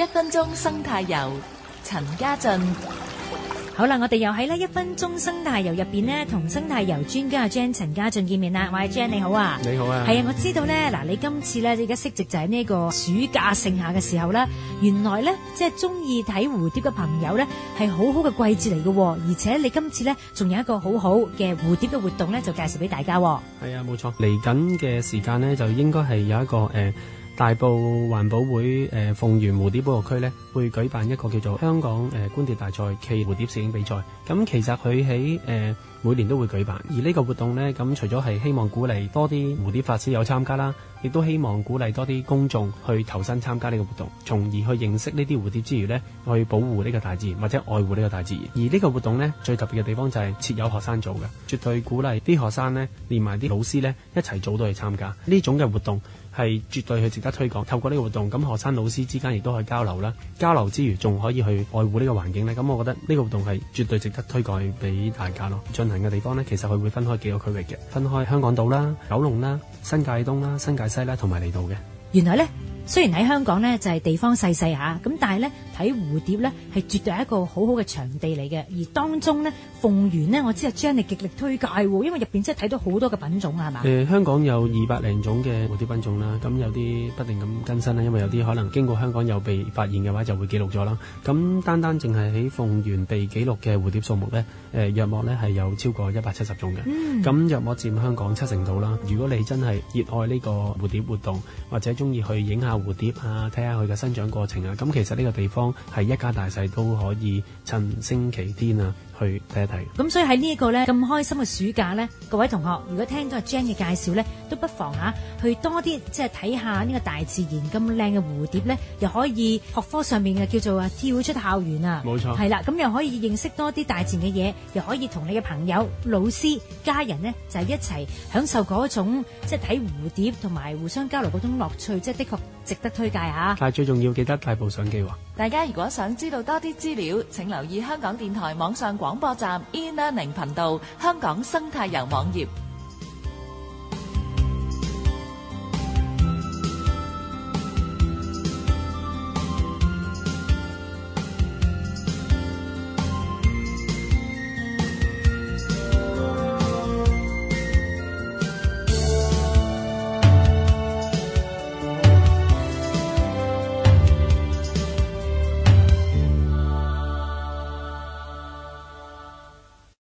一分鐘生態遊，陳家俊。好啦，我哋又喺呢一分鐘生態遊入邊呢，同生態遊專家阿 Jan 陳家俊見面啦。喂 Jan 你好啊，你好啊，係啊，我知道呢。嗱、嗯，你今次咧，而家適值就喺呢個暑假剩下嘅時候啦。原來呢，即係中意睇蝴蝶嘅朋友呢，係好好嘅季節嚟嘅，而且你今次呢，仲有一個好好嘅蝴蝶嘅活動呢，就介紹俾大家。係啊，冇錯，啊，嚟緊嘅時間呢，就應該係有一個誒。呃大埔環保會誒鳳園蝴蝶保護區呢會舉辦一個叫做香港誒、呃、觀蝶大賽暨蝴蝶攝影比賽。咁、嗯、其實佢喺、呃、每年都會舉辦，而呢個活動呢，咁、嗯、除咗係希望鼓勵多啲蝴蝶發燒友參加啦，亦都希望鼓勵多啲公眾去投身參加呢個活動，從而去認識呢啲蝴蝶之餘呢，去保護呢個大自然或者愛護呢個大自然。而呢個活動呢，最特別嘅地方就係設有學生組嘅，絕對鼓勵啲學生呢，連埋啲老師呢，一齊組隊去參加呢種嘅活動。係絕對係值得推廣，透過呢個活動，咁學生、老師之間亦都可以交流啦。交流之餘，仲可以去愛護呢個環境呢。咁我覺得呢個活動係絕對值得推廣俾大家咯。進行嘅地方呢，其實佢會分開幾個區域嘅，分開香港島啦、九龍啦、新界東啦、新界西啦，同埋離島嘅。原來呢。雖然喺香港咧就係地方細細嚇，咁但係咧睇蝴蝶咧係絕對係一個好好嘅場地嚟嘅，而當中咧鳳園咧我知係將你極力推介喎，因為入邊真係睇到好多嘅品種啊，係嘛？誒、呃，香港有二百零種嘅蝴蝶品種啦，咁有啲不斷咁更新啦，因為有啲可能經過香港又被發現嘅話就會記錄咗啦。咁單單淨係喺鳳園被記錄嘅蝴蝶數目咧，誒、呃、約莫咧係有超過一百七十種嘅。嗯。咁約莫佔香港七成度啦。如果你真係熱愛呢個蝴蝶活動，或者中意去影下。蝴蝶啊，睇下佢嘅生長過程啊，咁其實呢個地方係一家大細都可以趁星期天啊。去睇一睇。咁所以喺呢一個咧，咁開心嘅暑假咧，各位同學如果聽到阿 Jan 嘅介紹咧，都不妨啊去多啲即係睇下呢個大自然咁靚嘅蝴蝶咧，又可以學科上面嘅叫做啊跳出校園啊，冇錯，係啦，咁又可以認識多啲大自然嘅嘢，又可以同你嘅朋友、老師、家人咧就係一齊享受嗰種即係睇蝴蝶同埋互相交流嗰種樂趣，即係的確值得推介啊。但係最重要，記得帶部相機喎。大家如果想知道多啲資料，請留意香港電台網上廣播站 e-Learning 頻道《香港生態遊》網頁。